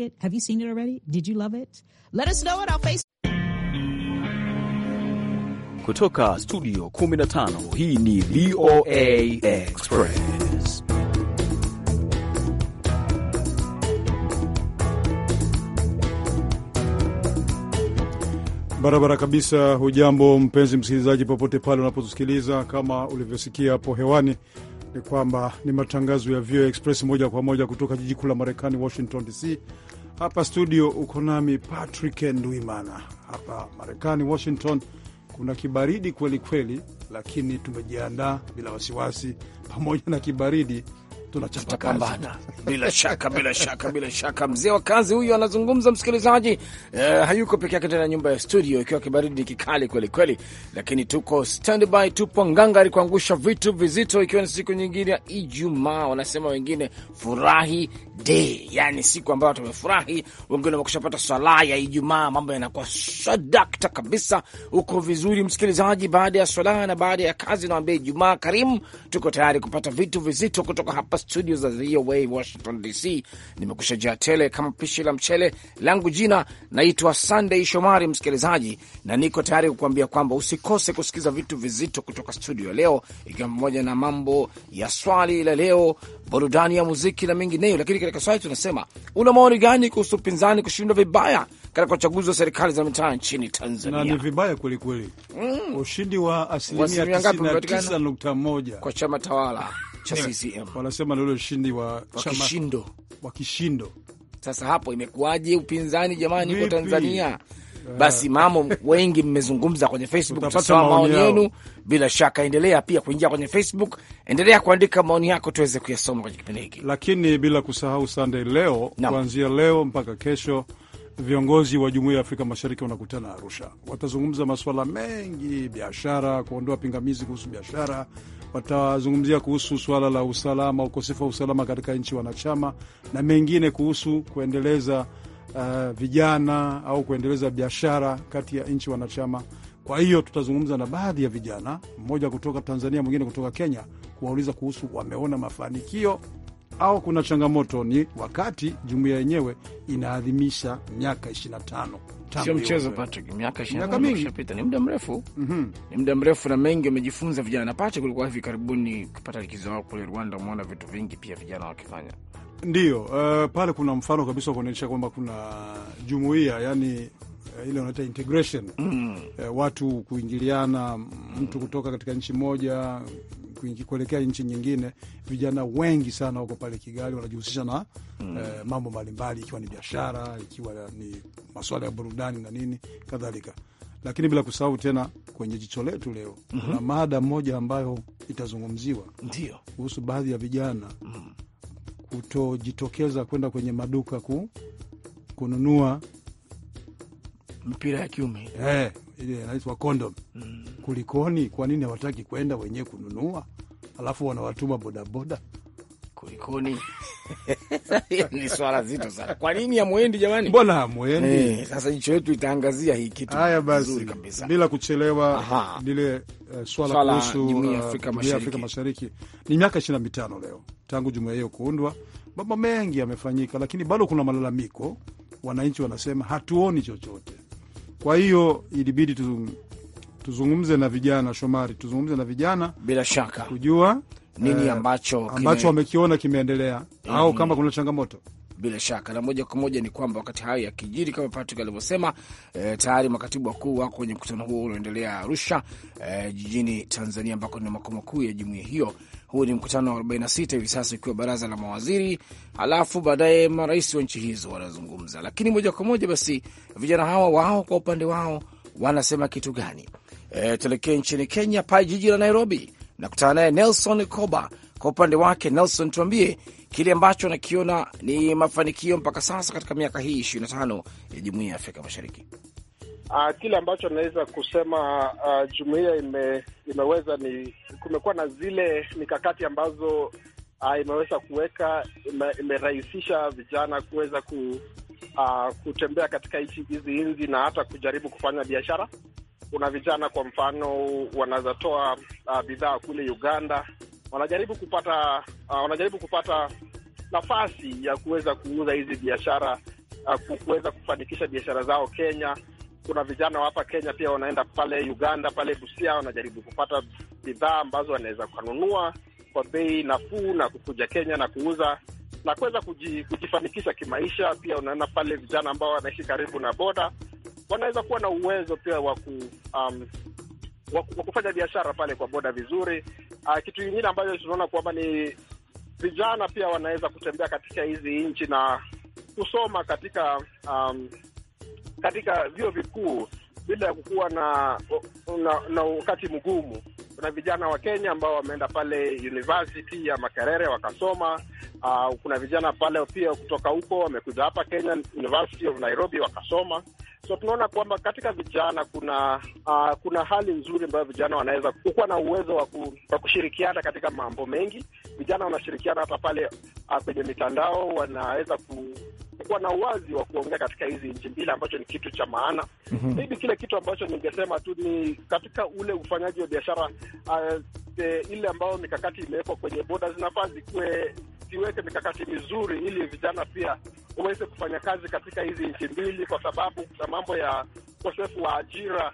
it? Have you seen it already? Did you love it? Let us know on our Facebook. Kutoka studio 15 hii ni VOA Express. Barabara kabisa. Hujambo mpenzi msikilizaji, popote pale unapotusikiliza, kama ulivyosikia hapo hewani ni kwamba ni matangazo ya VOA Express moja kwa moja kutoka jiji kuu la Marekani, Washington DC. Hapa studio uko nami Patrick Nduimana. Hapa Marekani, Washington, kuna kibaridi kweli kweli, lakini tumejiandaa bila wasiwasi. Pamoja na kibaridi tutapambana bila shaka, bila shaka, bila shaka. Mzee wa kazi huyu anazungumza, msikilizaji. Uh, hayuko peke yake tena, nyumba ya studio ikiwa kibaridi kikali kweli kweli, lakini tuko standby, tupo ngangari kuangusha vitu vizito, ikiwa ni siku nyingine ya Ijumaa. Wanasema wengine furahi day, yani siku ambayo tumefurahi, wengine wamekushapata swala ya Ijumaa, mambo yanakuwa sadakta kabisa. Uko vizuri msikilizaji? Baada ya swala na baada ya kazi, nawambia Ijumaa karimu, tuko tayari kupata vitu vizito kutoka hapa studio za VOA Washington DC. Nimekusha jaa tele kama pishi la mchele langu. Jina naitwa Sunday Shomari, msikilizaji, na niko tayari kukuambia kwamba usikose kusikiza vitu vizito kutoka studio leo, ikiwa pamoja na mambo ya swali la leo, burudani ya muziki na mengineyo. Lakini katika swali tunasema, una maoni gani kuhusu upinzani kushindwa vibaya katika uchaguzi wa serikali za mitaa nchini Tanzania? Na ni vibaya kwelikweli. Mm. Ushindi wa asilimia 99.1 kwa chama tawala cha CCM, wanasema ni ushindi wa kishindo, wa kishindo. Sasa hapo imekuwaje upinzani jamani kwa Tanzania? Eh. Basi mamo wengi mmezungumza kwenye Facebook, tutasoma maoni yenu bila shaka. Endelea pia kuingia kwenye Facebook, endelea kuandika maoni yako tuweze kuyasoma kwenye kipindi hiki, lakini bila kusahau Sunday leo no. kuanzia leo mpaka kesho viongozi wa Jumuiya ya Afrika Mashariki wanakutana Arusha, watazungumza masuala mengi, biashara, kuondoa pingamizi kuhusu biashara, watazungumzia kuhusu suala la usalama, ukosefu wa usalama katika nchi wanachama na mengine kuhusu kuendeleza uh, vijana au kuendeleza biashara kati ya nchi wanachama. Kwa hiyo tutazungumza na baadhi ya vijana, mmoja kutoka Tanzania, mwingine kutoka Kenya, kuwauliza kuhusu wameona mafanikio au kuna changamoto. Ni wakati jumuiya yenyewe inaadhimisha miaka 25 sio mchezo Patrick, miaka ishirini ni muda mrefu mm -hmm. ni muda mrefu na mengi wamejifunza vijana na Patrick, ulikuwa hivi karibuni ukipata likizo yao kule Rwanda, umeona vitu vingi pia vijana wakifanya ndiyo. Uh, pale kuna mfano kabisa wa kuonyesha kwamba kuna jumuiya yani uh, ile unaita integration mm. E, watu kuingiliana, mtu kutoka katika nchi moja kuelekea nchi nyingine, vijana wengi sana wako pale Kigali wanajihusisha na mm. eh, mambo mbalimbali, ikiwa ni biashara, ikiwa ni masuala ya burudani na nini kadhalika lakini bila kusahau tena kwenye jicho letu leo mm -hmm. kuna mhm. mada moja ambayo itazungumziwa ndio kuhusu baadhi ya vijana mm. kutojitokeza kwenda kwenye maduka ku, kununua mpira ya kiume eh, ile rais wa kondom mm. Kulikoni? Kwa nini hawataki kwenda wenyewe kununua, alafu wanawatuma bodaboda? Kulikoni? ni swala zito sana. Kwa nini hamwendi jamani? Mbona hamwendi? Hey, eh, sasa nchi yetu itaangazia hii kitu. Haya basi, bila kuchelewa lile uh, swala kuhusu eh, Afrika, uh, Afrika Mashariki. Ni miaka ishirini na mitano leo tangu jumuiya hiyo kuundwa, mambo mengi yamefanyika, lakini bado kuna malalamiko. Wananchi wanasema hatuoni chochote kwa hiyo ilibidi tuzungumze na vijana Shomari, tuzungumze na vijana bila shaka kujua nini eh, ambacho ambacho wamekiona kime... kimeendelea au mhm. kama kuna changamoto bila shaka. Na moja kwa moja ni kwamba wakati hayo yakijiri, kama Patrick alivyosema, eh, tayari makatibu wakuu wako kwenye mkutano huo unaoendelea Arusha, eh, jijini Tanzania, ambako ni makao makuu ya jumuiya hiyo. Huu ni mkutano wa 46 hivi sasa, ikiwa baraza la mawaziri, halafu baadaye marais wa nchi hizo wanazungumza. Lakini moja kwa moja basi, vijana hawa wao kwa upande wao wanasema kitu gani? E, tuelekee nchini Kenya, pale jiji la Nairobi, nakutana naye Nelson Koba kwa upande wake Nelson, tuambie kile ambacho anakiona ni mafanikio mpaka sasa katika miaka hii ishirini na tano ya jumuiya ya Afrika Mashariki. Uh, kile ambacho naweza kusema uh, jumuiya ime, imeweza ni kumekuwa na zile mikakati ambazo uh, imeweza kuweka ime, imerahisisha vijana kuweza ku, uh, kutembea katika hizi nchi na hata kujaribu kufanya biashara. Kuna vijana kwa mfano wanaweza toa uh, bidhaa kule Uganda wanajaribu kupata uh, wanajaribu kupata nafasi ya kuweza kuuza hizi biashara uh, kuweza kufanikisha biashara zao Kenya. Kuna vijana hapa Kenya pia wanaenda pale Uganda, pale Busia, wanajaribu kupata bidhaa ambazo wanaweza kununua kwa bei nafuu na kukuja Kenya na kuuza na kuweza kujifanikisha kimaisha. Pia unaona pale vijana ambao wanaishi karibu na boda wanaweza kuwa na uwezo pia wa ku, um, wa kufanya biashara pale kwa boda vizuri Uh, kitu kingine ambacho tunaona kwamba ni vijana pia wanaweza kutembea katika hizi nchi na kusoma katika um, katika vyuo vikuu bila ya kukuwa na, na, na wakati mgumu. Kuna vijana wa Kenya ambao wameenda pale university ya Makerere wakasoma. Uh, kuna vijana pale pia kutoka huko wamekuja hapa Kenya University of Nairobi wakasoma. So tunaona kwamba katika vijana kuna uh, kuna hali nzuri ambayo vijana wanaweza kukuwa na uwezo wa waku, kushirikiana katika mambo mengi. Vijana wanashirikiana hata pale uh, kwenye mitandao, wanaweza ku kuwa na uwazi wa kuongea katika hizi nchi mbili ambacho ni kitu cha maana. mm -hmm. Maybe kile kitu ambacho ningesema tu ni katika ule ufanyaji wa biashara uh, eh, ile ambayo mikakati imewekwa kwenye boda zinafaa zikuwe iweke mikakati mizuri ili vijana pia waweze kufanya kazi katika hizi nchi mbili, kwa sababu kuna mambo ya ukosefu wa ajira.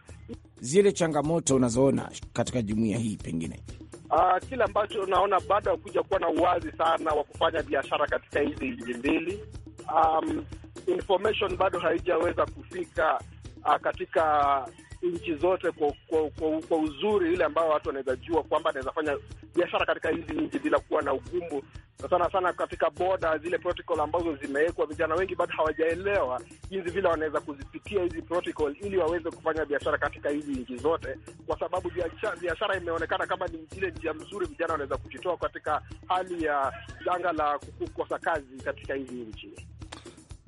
Zile changamoto unazoona katika jumuiya hii pengine Uh, kile ambacho baada ya kuja kuwa na uwazi sana wa kufanya biashara katika hizi nchi mbili. Um, information bado haijaweza kufika Ah, katika nchi zote kwa, kwa, kwa, kwa uzuri ile ambayo watu wanaweza jua kwamba anaweza fanya biashara katika hizi nchi bila kuwa na ugumu, sana sana katika boda, zile protocol ambazo zimewekwa. Vijana wengi bado hawajaelewa jinsi vile wanaweza kuzipitia hizi protocol ili waweze kufanya biashara katika hizi nchi zote, kwa sababu biashara imeonekana kama ni ile njia mzuri vijana wanaweza kujitoa katika hali ya janga la kukosa kazi katika hizi nchi.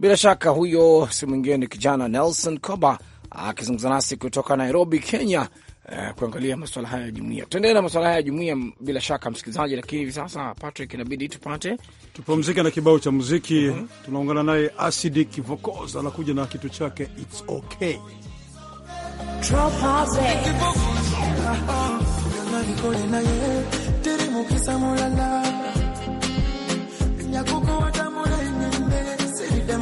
Bila shaka huyo si mwingine ni kijana Nelson Koba akizungumza nasi kutoka Nairobi, Kenya, eh, kuangalia masuala haya ya jumuia. Tutaendelea na masuala haya ya jumuia bila shaka, msikilizaji, lakini hivi sasa Patrick, inabidi tupate tupumzike na kibao cha muziki. mm -hmm. Tunaungana naye Asidi Kivokoza, anakuja na kitu chake It's Okay.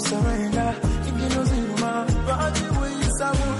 kusarenda ingino ziruma my weyisabura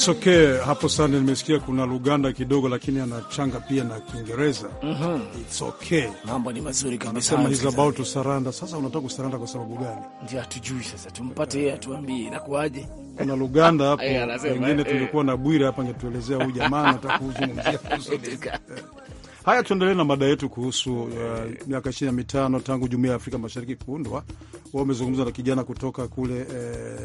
It's okay. Hapo sana nimesikia kuna Luganda kidogo, lakini anachanga pia na Kiingereza. mm -hmm. It's okay, mambo ni mazuri kabisa. Anasema he's about to surrender. Sasa unataka kusaranda kwa sababu gani? Ndio hatujui sasa, tumpate yeye atuambie inakuaje. Kuna Luganda hapo wengine eh, eh. tulikuwa na Bwira hapa, angetuelezea huyu jamaa anataka kuzungumzia Haya, tuendelee na mada yetu kuhusu uh, miaka ishirini na mitano tangu jumuiya ya Afrika Mashariki kuundwa. Wao wamezungumza na kijana kutoka kule uh,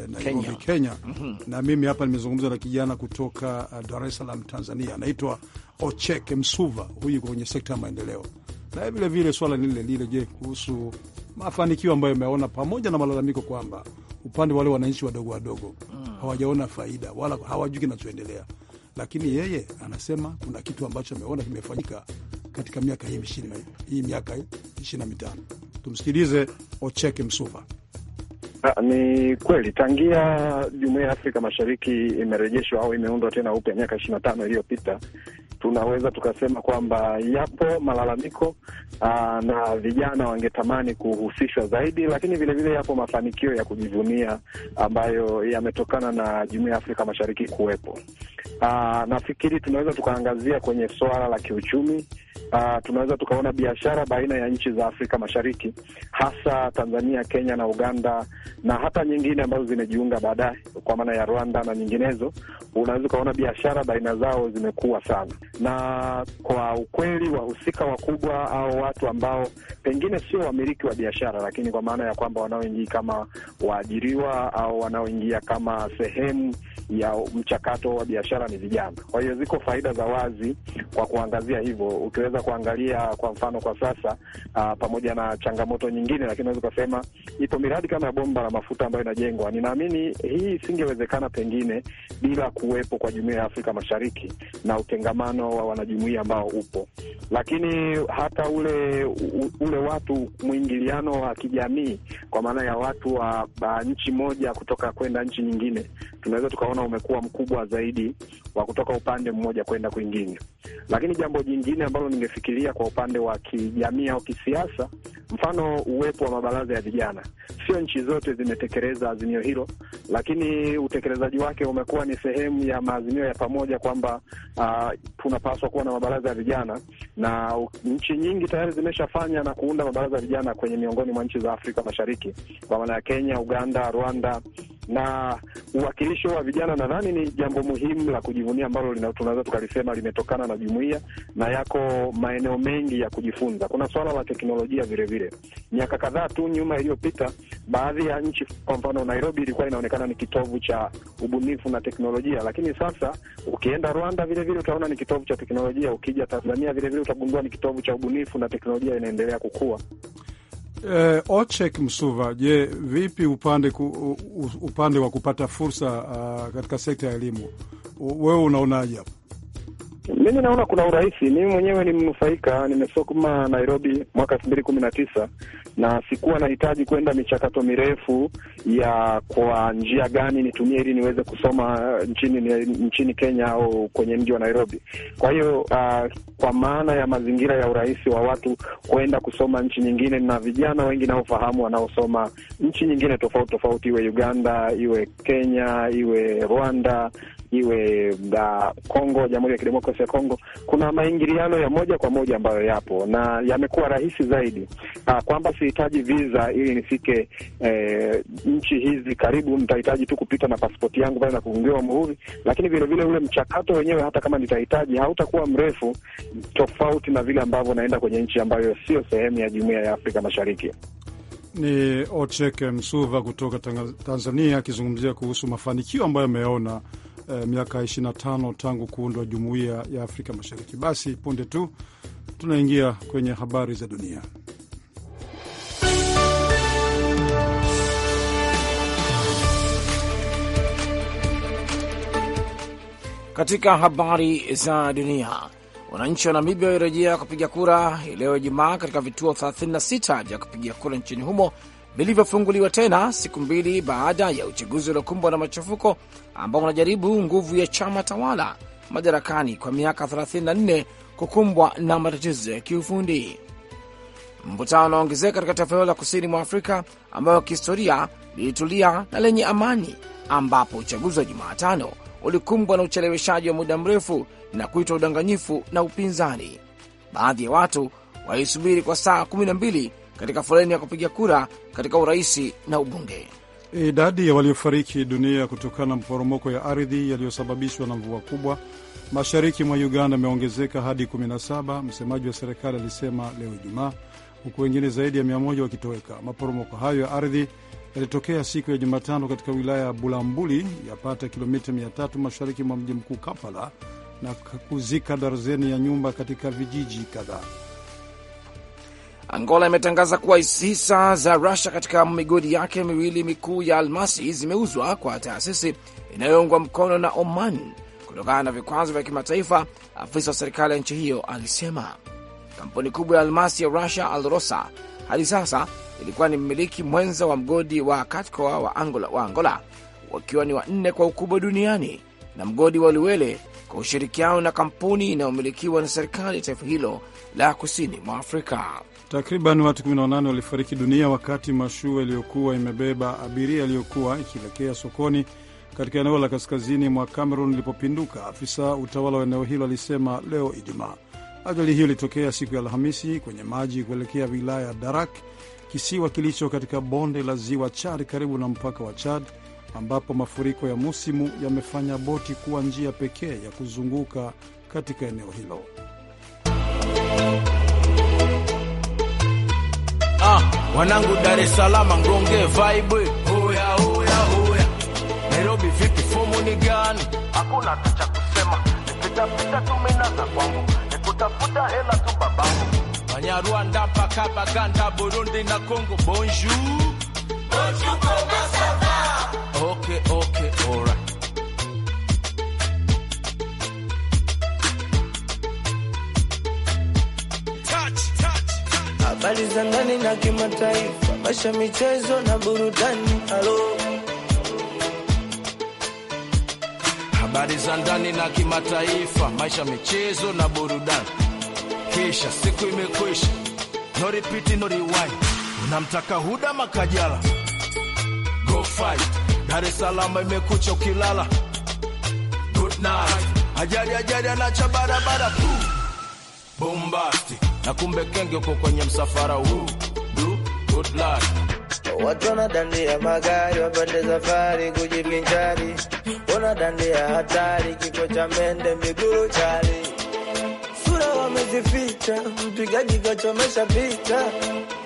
Nairobi, Kenya, Kenya. Mm -hmm. Na mimi hapa nimezungumza na kijana kutoka uh, Dar es Salaam, Tanzania, anaitwa Ocheke Msuva. Huyu kwenye sekta ya maendeleo na vilevile swala lile lile. Je, kuhusu mafanikio ambayo ameona pamoja na malalamiko kwamba upande wale wananchi wadogo wadogo mm. hawajaona faida wala hawajui kinachoendelea lakini yeye anasema kuna kitu ambacho ameona kimefanyika katika miaka hii hii miaka ishirini na mitano. Tumsikilize Ocheke Msuva. Ah, ni kweli tangia jumuia ya Afrika Mashariki imerejeshwa au imeundwa tena upya miaka ishirini na tano iliyopita tunaweza tukasema kwamba yapo malalamiko aa, ah, na vijana wangetamani kuhusishwa zaidi, lakini vilevile yapo mafanikio ya kujivunia ambayo yametokana na jumuia ya Afrika Mashariki kuwepo. Ah, nafikiri tunaweza tukaangazia kwenye swala la kiuchumi. Aa, ah, tunaweza tukaona biashara baina ya nchi za Afrika Mashariki hasa Tanzania, Kenya na Uganda na hata nyingine ambazo zimejiunga baadaye kwa maana ya Rwanda na nyinginezo, unaweza ukaona biashara baina zao zimekuwa sana, na kwa ukweli wahusika wakubwa au watu ambao pengine sio wamiliki wa biashara, lakini kwa maana ya kwamba wanaoingia kama waajiriwa au wanaoingia kama sehemu ya mchakato wa biashara ni vijana. Kwa hiyo ziko faida za wazi kwa kuangazia hivyo, ukiweza kuangalia kwa mfano kwa sasa uh, pamoja na changamoto nyingine, lakini naweza ukasema ipo miradi kama ya bomba la mafuta ambayo inajengwa. Ninaamini hii isingewezekana pengine bila kuwepo kwa jumuiya ya Afrika Mashariki na utengamano wa wanajumuiya ambao upo, lakini hata ule u, ule watu mwingiliano wa kijamii kwa maana ya watu wa, wa nchi moja kutoka kwenda nchi nyingine tunaweza tukaona umekuwa mkubwa zaidi wa kutoka upande mmoja kwenda kwingine. Lakini jambo jingine ambalo ningefikiria kwa upande wa kijamii au kisiasa, mfano uwepo wa mabaraza ya vijana. Sio nchi zote zimetekeleza azimio hilo, lakini utekelezaji wake umekuwa ni sehemu ya maazimio ya pamoja kwamba uh, tunapaswa kuwa na mabaraza ya vijana na nchi nyingi tayari zimeshafanya na kuunda mabaraza ya vijana kwenye miongoni mwa nchi za Afrika Mashariki kwa maana ya Kenya, Uganda, Rwanda na uwakilisho wa vijana nadhani ni jambo muhimu la kujivunia ambalo tunaweza tukalisema limetokana na jumuiya, na yako maeneo mengi ya kujifunza. Kuna swala la teknolojia vilevile. Miaka kadhaa tu nyuma iliyopita, baadhi ya nchi, kwa mfano Nairobi, ilikuwa inaonekana ni kitovu cha ubunifu na teknolojia, lakini sasa ukienda Rwanda vilevile utaona ni kitovu cha teknolojia. Ukija Tanzania vilevile utagundua ni kitovu cha ubunifu na teknolojia inaendelea kukua. E, eh, Ochek Msuva, je, vipi upande, ku, upande wa kupata fursa uh, katika sekta ya elimu wewe unaonaje hapo? Mm, mimi naona kuna urahisi. Mimi mwenyewe ni mnufaika, nimesoma Nairobi mwaka elfu mbili kumi na tisa na sikuwa nahitaji kwenda michakato mirefu ya kwa njia gani nitumie ili niweze kusoma nchini nchini Kenya au kwenye mji wa Nairobi. Kwa hiyo uh, kwa maana ya mazingira ya urahisi wa watu kwenda kusoma nchi nyingine, na vijana wengi naofahamu wanaosoma nchi nyingine tofauti tofauti, iwe Uganda, iwe Kenya, iwe Rwanda, iwe ah, Kongo, Jamhuri ya Kidemokrasia Kongo, kuna maingiliano ya moja kwa moja ambayo yapo na yamekuwa rahisi zaidi, ah, kwamba sihitaji visa ili nifike e, nchi hizi karibu. Nitahitaji tu kupita na pasipoti yangu pale na kufungiwa muhuri, lakini vilevile ule mchakato wenyewe, hata kama nitahitaji, hautakuwa mrefu, tofauti na vile ambavyo naenda kwenye nchi ambayo sio sehemu ya Jumuiya ya Afrika Mashariki. Ni Ocheke Msuva kutoka Tanzania akizungumzia kuhusu mafanikio ambayo ameona eh, miaka 25 tangu kuundwa jumuiya ya Afrika Mashariki. Basi punde tu tunaingia kwenye habari za dunia. Katika habari za dunia, wananchi wa Namibia walirejea kupiga kura hii leo Ijumaa katika vituo 36 vya kupiga kura nchini humo vilivyofunguliwa tena siku mbili baada ya uchaguzi uliokumbwa na machafuko ambao unajaribu nguvu ya chama tawala madarakani kwa miaka 34 kukumbwa na matatizo ya kiufundi. Mvutano unaongezeka katika taifa hilo la kusini mwa Afrika ambayo kihistoria lilitulia na lenye amani, ambapo uchaguzi wa Jumatano ulikumbwa na ucheleweshaji wa muda mrefu na kuitwa udanganyifu na upinzani. Baadhi ya watu walisubiri kwa saa 12 katika foleni ya kupiga kura katika uraisi na ubunge. Idadi ya waliofariki dunia kutokana na maporomoko ya ardhi yaliyosababishwa na mvua kubwa mashariki mwa Uganda imeongezeka hadi 17, msemaji wa serikali alisema leo Ijumaa, huku wengine zaidi ya 100 wakitoweka. Maporomoko hayo ya ardhi yalitokea siku ya Jumatano katika wilaya ya Bulambuli, yapata kilomita 300 mashariki mwa mji mkuu Kampala, na kuzika darzeni ya nyumba katika vijiji kadhaa. Angola imetangaza kuwa hisa za Rusia katika migodi yake miwili mikuu ya almasi zimeuzwa kwa taasisi inayoungwa mkono na Oman kutokana na vikwazo vya kimataifa, afisa wa serikali ya nchi hiyo alisema. Kampuni kubwa ya almasi ya Rusia, Alrosa, hadi sasa ilikuwa ni mmiliki mwenza wa mgodi wa Katkoa wa Angola, wa Angola wakiwa ni wanne kwa ukubwa duniani na mgodi wa liwele kwa ushirikiano na kampuni inayomilikiwa na serikali ya taifa hilo la kusini mwa Afrika. Takriban watu 18 walifariki dunia wakati mashua iliyokuwa imebeba abiria iliyokuwa ikielekea sokoni katika eneo la kaskazini mwa Cameroon ilipopinduka, afisa utawala wa eneo hilo alisema leo Ijumaa. Ajali hiyo ilitokea siku ya Alhamisi kwenye maji kuelekea wilaya ya Darak, kisiwa kilicho katika bonde la ziwa Chad karibu na mpaka wa Chad, ambapo mafuriko ya musimu yamefanya boti kuwa njia pekee ya kuzunguka katika eneo hilo. Wanangu Dar es Salaam mgonge vibe. Hoya hoya hoya. Nairobi vipi fomu ni gani? Hakuna tu cha kusema. Nipita tu minaza kwangu. Nikutafuta hela tu babangu. Wanyarwanda mpaka Baganda, Burundi na Kongo. Bonjour. Bonjour, comment ça va? Okay, okay, all right. habari za ndani na kimataifa, maisha, michezo na burudani. Halo, habari za ndani na kimataifa, maisha, michezo na burudani. Kisha siku imekwisha, no repeat, no rewind. Unamtaka Huda Makajala, go fight. Dar es Salaam imekucha ukilala, good night. ajari ajari anacha barabara tu bombastic na kumbe kenge uko kwenye msafara huu du good luck. Watu wanadandia magari wapende safari kujivinjari, wanadandia hatari, kifo cha mende miguru chali, sura wamezificha, mpigaji kachomesha picha,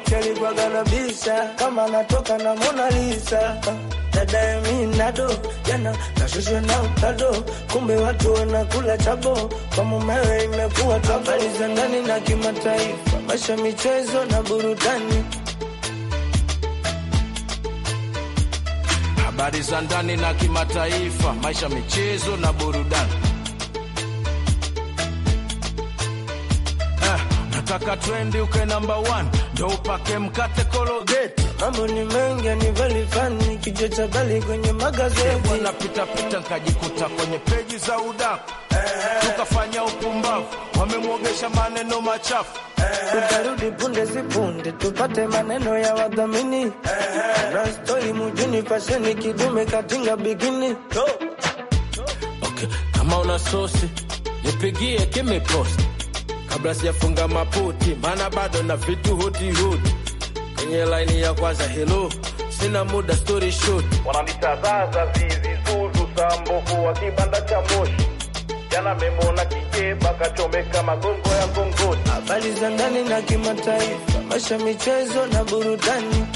kelipwaganabisha kama anatoka na Mona Lisa dada minado jana nashushwa na utado, kumbe watu wanakula chabo kwa mumewe, imekuwa habari za ndani na kimataifa, maisha michezo na burudani habari za ndani na kimataifa, maisha michezo na burudani. Eh, nataka trendi uke namba 1 ndo upake mkate kologeti Mambo ni mengi yanivali fani kichwa cha bali kwenye magazeti bwana, pita pita nkajikuta kwenye peji za udaku eh, tukafanya upumbavu, wamemwogesha maneno machafu eh, tutarudi punde si punde tupate maneno ya wadhamini eh, rastoi mujuni fasheni kidume katinga bikini no. Okay, kama una sosi nipigie kimiposti kabla sijafunga maputi, maana bado na vitu hutihudi kwenye laini ya kwanza. Hello, sina muda story short, wananita zizi zuzu sambuku wa kibanda cha moshi jana memona kijeba kachomeka magongo ya gongoni habari za ndani na kimataifa, masha michezo na burudani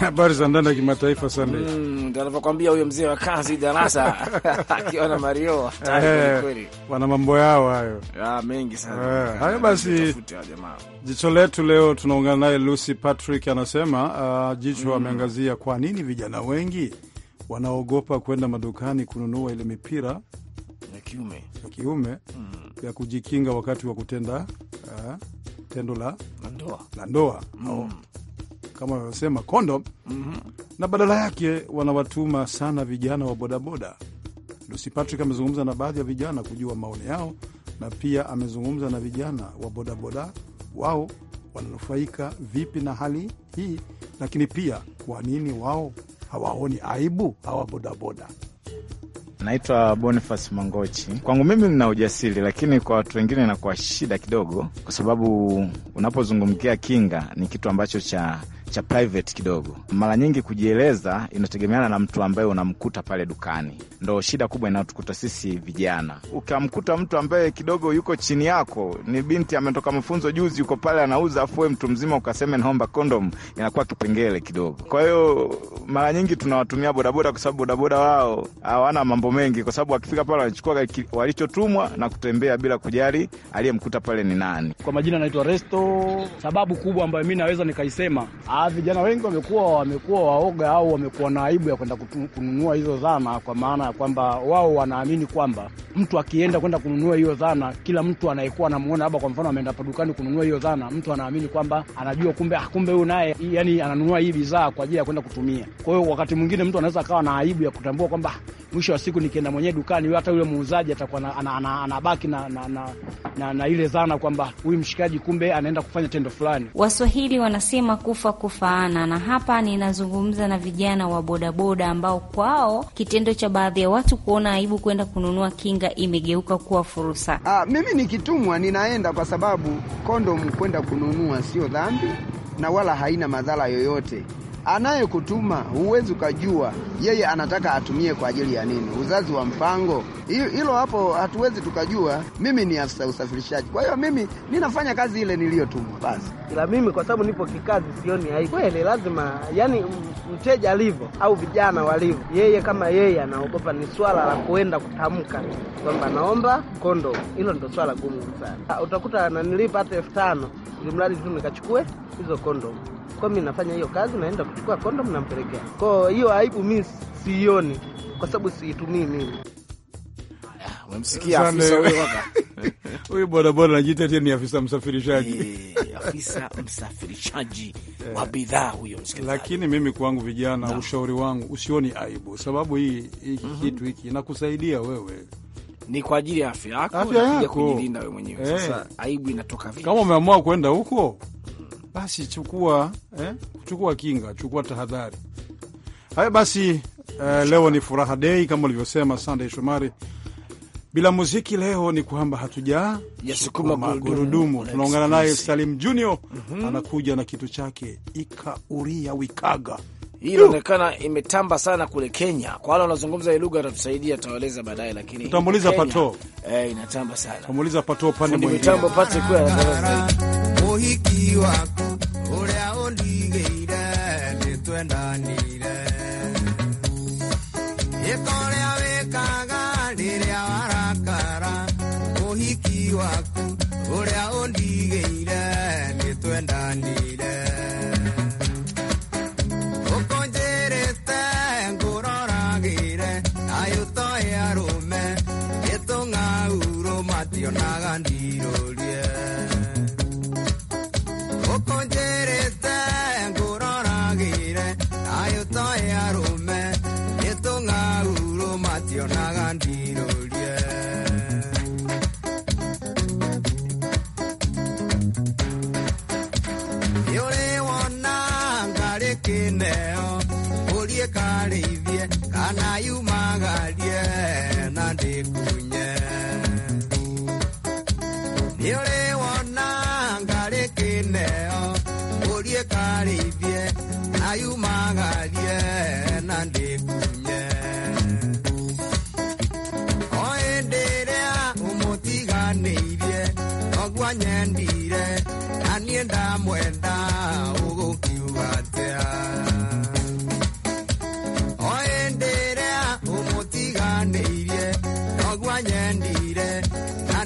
habari za ndani na kimataifa. sana. Mm, huyo mzee wa kazi darasa akiona Mario kweli. Wana mambo yao hayo. mengi sana. Hayo basi. Jicho letu leo tunaungana naye Lucy Patrick anasema uh, jicho mm, ameangazia kwa nini vijana wengi wanaogopa kwenda madukani kununua ile mipira ya kiume ya kiume mm, ya kujikinga wakati wa kutenda uh, tendo la ndoa la ndoa mm. Oh, kama wanavyosema kondom mm -hmm. na badala yake wanawatuma sana vijana wa bodaboda. Lucy Patrick amezungumza na baadhi ya vijana kujua maoni yao, na pia amezungumza na vijana wa bodaboda, wao wananufaika vipi na hali hii, lakini pia kwa nini wao hawaoni aibu hawa bodaboda. Naitwa Boniface Mangochi. Kwangu mimi nina ujasiri, lakini kwa watu wengine inakuwa shida kidogo, kwa sababu unapozungumkia kinga ni kitu ambacho cha cha private kidogo. Mara nyingi kujieleza inategemeana na mtu ambaye unamkuta pale dukani, ndo shida kubwa inayotukuta sisi vijana. Ukamkuta mtu ambaye kidogo yuko chini yako, ni binti ametoka mafunzo juzi, yuko pale anauza, afu we mtu mzima ukaseme naomba kondom, inakuwa kipengele kidogo. Kwa hiyo mara nyingi tunawatumia bodaboda, kwa sababu bodaboda wao hawana mambo mengi, kwa sababu wakifika pale wanachukua walichotumwa na kutembea bila kujali aliyemkuta pale ni nani. Kwa majina anaitwa Resto. Sababu kubwa ambayo mi naweza nikaisema Ah, vijana wengi wamekuwa wamekuwa waoga au wamekuwa na aibu ya kwenda kununua hizo zana, kwa maana ya kwamba wao wanaamini kwamba mtu akienda kwenda kununua hiyo zana, kila mtu anayekuwa anamuona, labda kwa mfano ameenda padukani kununua hiyo zana, mtu anaamini kwamba anajua, kumbe ah, kumbe huyu naye yani ananunua hii bidhaa kwa ajili ya kwenda kutumia. Kwa hiyo wakati mwingine mtu anaweza akawa na aibu ya kutambua kwamba ah, mwisho wa siku nikienda mwenyewe dukani, hata yule muuzaji atakuwa anabaki na, na, na, na, na ile zana kwamba huyu mshikaji kumbe anaenda kufanya tendo fulani. Waswahili wanasema kufa kufa kutofaana, na hapa ninazungumza na vijana wa bodaboda ambao kwao kitendo cha baadhi ya watu kuona aibu kwenda kununua kinga imegeuka kuwa fursa. Ah, mimi nikitumwa ninaenda kwa sababu kondomu kwenda kununua sio dhambi na wala haina madhara yoyote anayekutuma huwezi ukajua yeye anataka atumie kwa ajili ya nini. Uzazi wa mpango, hilo hapo hatuwezi tukajua. Mimi ni afisa usafirishaji, kwa hiyo mimi ninafanya kazi ile niliyotumwa basi. Ila mimi kwa sababu nipo kikazi, sioni hai kweli, lazima yani mteja alivyo au vijana walivyo, yeye kama yeye anaogopa, ni swala la kuenda kutamka kwamba naomba kondo. Hilo ndo swala gumu sana, utakuta nanilipa hata elfu tano ili mradi tu nikachukue hizo kondo kwa mimi nafanya hiyo kazi, naenda kuchukua kondomu nampelekea. Kwa hiyo aibu mimi siioni, kwa sababu siitumii mimi. Umemsikia Huyu bodaboda anajiita tena ni afisa msafirishaji, afisa msafirishaji wa bidhaa huyo, msikilizaji. Lakini mimi kwangu, vijana no. ushauri wangu usioni aibu, sababu hii hiki mm -hmm. kitu hiki inakusaidia wewe ni kwa ajili ya afya yako, afya yako, kujilinda wewe mwenyewe. Sasa eh. aibu inatoka vipi? Kama umeamua kwenda huko basi chukua eh, chukua kinga, chukua tahadhari. Haya basi, eh, leo ni furaha dei kama ulivyosema Sandey Shomari. Bila muziki leo ni kwamba hatuja sukuma magurudumu. Tunaungana naye Salim Junior mm -hmm. anakuja na kitu chake ikauria wikaga hii inaonekana imetamba sana kule Kenya. Kwa wale wanazungumza hii lugha atatusaidia, tutaeleza baadaye, lakini tutamuuliza pato eh, inatamba sana, tutamuuliza pato pande mwingine. wako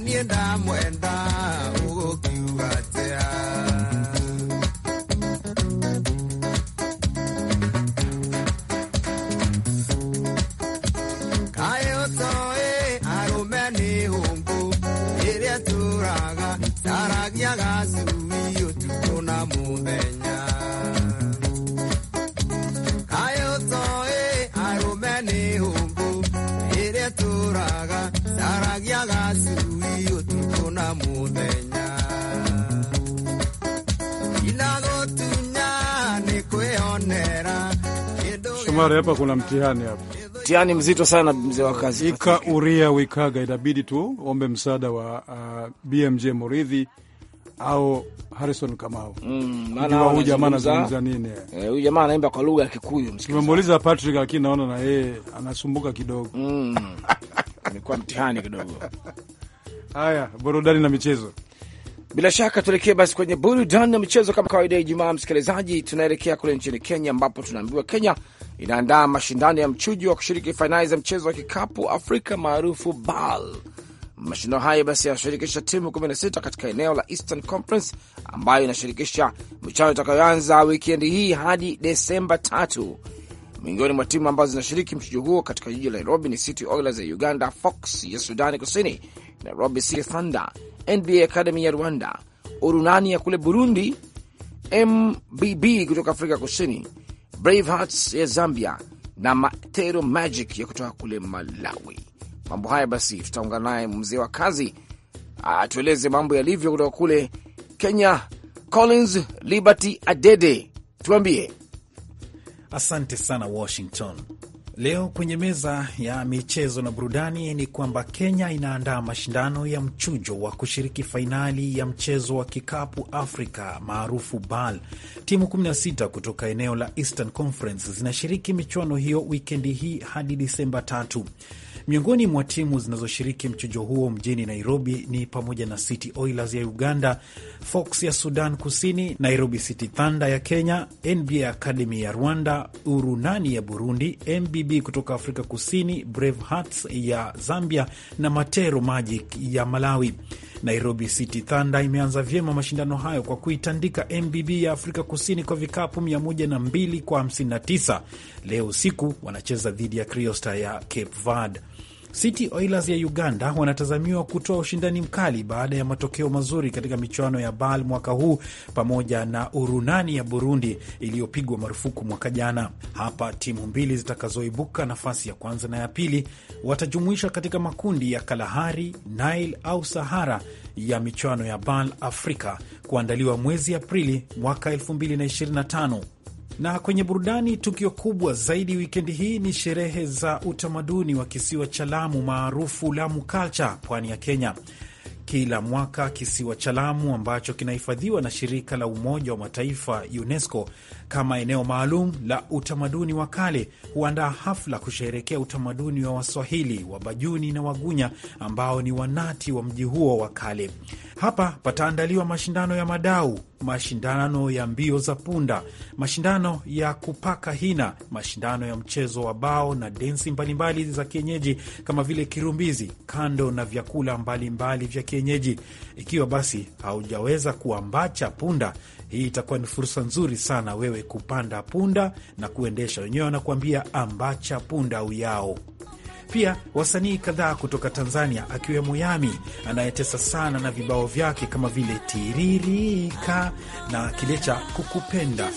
nienda mwenda ugukiuga atia Shomari, hapa kuna mtihani hapa, mtihani mzito sana, mzee wa kazi ika uria wikaga, itabidi ombe msaada wa uh, BMJ Muridhi au Harrison Kamau. Mm, huyu jamaa anazungumza nini? Eh, huyu jamaa anaimba kwa lugha ya Kikuyu. Nimemuuliza Patrick, lakini naona na yeye anasumbuka kidogo. Imekuwa mm. mtihani kidogo. Haya, burudani na michezo bila shaka tuelekee basi kwenye burudani na michezo. Kama kawaida ya Ijumaa, msikilizaji, tunaelekea kule nchini Kenya ambapo tunaambiwa Kenya inaandaa mashindano ya mchujo wa kushiriki fainali za mchezo wa kikapu Afrika maarufu BAL. Mashindano hayo basi yanashirikisha timu 16 katika eneo la Eastern Conference ambayo inashirikisha michano itakayoanza wikendi hii hadi Desemba tatu. Miongoni mwa timu ambazo zinashiriki mchujo huo katika jiji la Nairobi ni City Oilers ya Uganda, Fox ya Sudani Kusini, Nairobi City Thunder, NBA Academy ya Rwanda, Urunani ya kule Burundi, MBB kutoka Afrika Kusini Brave Hearts ya Zambia na Matero Magic ya kutoka kule Malawi. Mambo haya basi, tutaungana naye mzee wa kazi atueleze mambo yalivyo kutoka kule Kenya. Collins Liberty Adede, tuambie. Asante sana Washington. Leo kwenye meza ya michezo na burudani ni kwamba Kenya inaandaa mashindano ya mchujo wa kushiriki fainali ya mchezo wa kikapu Afrika maarufu BAL. Timu 16 kutoka eneo la Eastern Conference zinashiriki michuano hiyo wikendi hii hadi Disemba tatu. Miongoni mwa timu zinazoshiriki mchujo huo mjini Nairobi ni pamoja na City Oilers ya Uganda, Fox ya Sudan Kusini, Nairobi City Thunder ya Kenya, NBA Academy ya Rwanda, Urunani ya Burundi, MBB kutoka Afrika Kusini, Brave Hearts ya Zambia na Matero Magic ya Malawi. Nairobi City Thunder imeanza vyema mashindano hayo kwa kuitandika MBB ya Afrika Kusini kwa vikapu 102 kwa 59. Leo usiku wanacheza dhidi ya Criostar ya Cape Verde. City Oilers ya Uganda wanatazamiwa kutoa ushindani mkali baada ya matokeo mazuri katika michuano ya BAL mwaka huu pamoja na Urunani ya Burundi iliyopigwa marufuku mwaka jana. Hapa timu mbili zitakazoibuka nafasi ya kwanza na ya pili watajumuisha katika makundi ya Kalahari, Nile au Sahara ya michuano ya BAL Afrika kuandaliwa mwezi Aprili mwaka 2025. Na kwenye burudani, tukio kubwa zaidi wikendi hii ni sherehe za utamaduni wa kisiwa cha Lamu maarufu Lamu Culture, pwani ya Kenya. Kila mwaka kisiwa cha Lamu ambacho kinahifadhiwa na shirika la Umoja wa Mataifa UNESCO kama eneo maalum la utamaduni wa kale huandaa hafla kusherehekea utamaduni wa Waswahili, Wabajuni na Wagunya ambao ni wanati wa mji huo wa kale. Hapa pataandaliwa mashindano ya madau, mashindano ya mbio za punda, mashindano ya kupaka hina, mashindano ya mchezo wa bao na densi mbalimbali za kienyeji kama vile kirumbizi, kando na vyakula mbalimbali mbali vya kienyeji. Ikiwa basi haujaweza kuambacha punda, hii itakuwa ni fursa nzuri sana wewe wenyewe kupanda punda na kuendesha wenyewe, wanakuambia ambacha punda uyao. Pia wasanii kadhaa kutoka Tanzania akiwemo Yami anayetesa sana na vibao vyake kama vile tiririka na kile cha kukupenda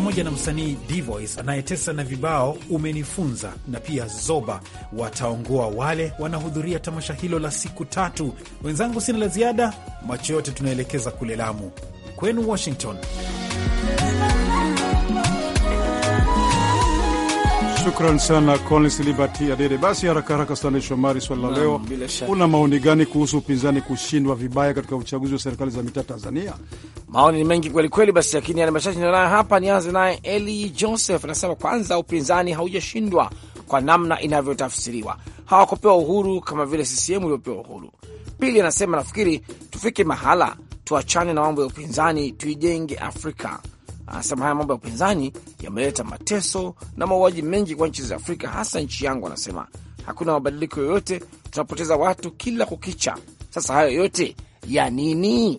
pamoja na msanii Dvoice anayetesa na vibao umenifunza na pia Zoba wataongoa wale wanahudhuria tamasha hilo la siku tatu. Wenzangu, sina la ziada, macho yote tunaelekeza kule Lamu kwenu Washington. Shukran sana Collins Liberty Adede. Basi haraka haraka, Sande Shomari, swali la leo, una maoni gani kuhusu upinzani kushindwa vibaya katika uchaguzi wa serikali za mitaa Tanzania? Maoni ni mengi kweli kweli, basi lakini yale machache ninayo hapa. Nianze naye Eli Joseph, anasema kwanza, upinzani haujashindwa kwa namna inavyotafsiriwa, hawakupewa uhuru kama vile CCM uliopewa uhuru. Pili anasema nafikiri tufike mahala tuachane na mambo ya upinzani, tuijenge Afrika anasema haya mambo ya upinzani yameleta mateso na mauaji mengi kwa nchi za Afrika, hasa nchi yangu. Anasema hakuna mabadiliko yoyote, tunapoteza watu kila kukicha. Sasa hayo yote ya nini?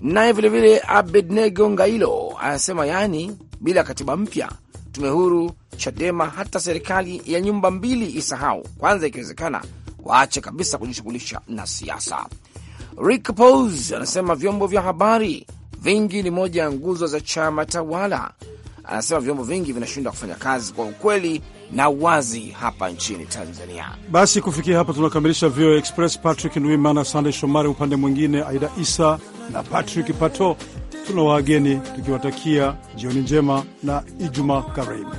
Naye vilevile Abednego Ngailo anasema yaani, bila katiba mpya, tume huru, Chadema hata serikali ya nyumba mbili isahau kwanza, ikiwezekana waache kabisa kujishughulisha na siasa. Rick Pose anasema vyombo vya habari vingi ni moja ya nguzo za chama tawala. Anasema vyombo vingi vinashindwa kufanya kazi kwa ukweli na wazi hapa nchini Tanzania. Basi kufikia hapa tunakamilisha VOA Express. Patrick Ndwimana, Sandey Shomari upande mwingine, Aida Isa na Patrick Pato tuna wageni tukiwatakia jioni njema na ijuma karimu.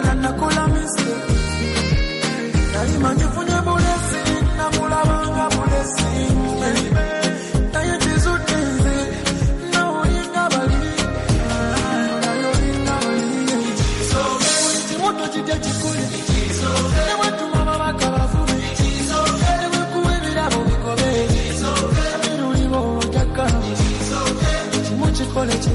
njagala nakula misi bulesi bulesi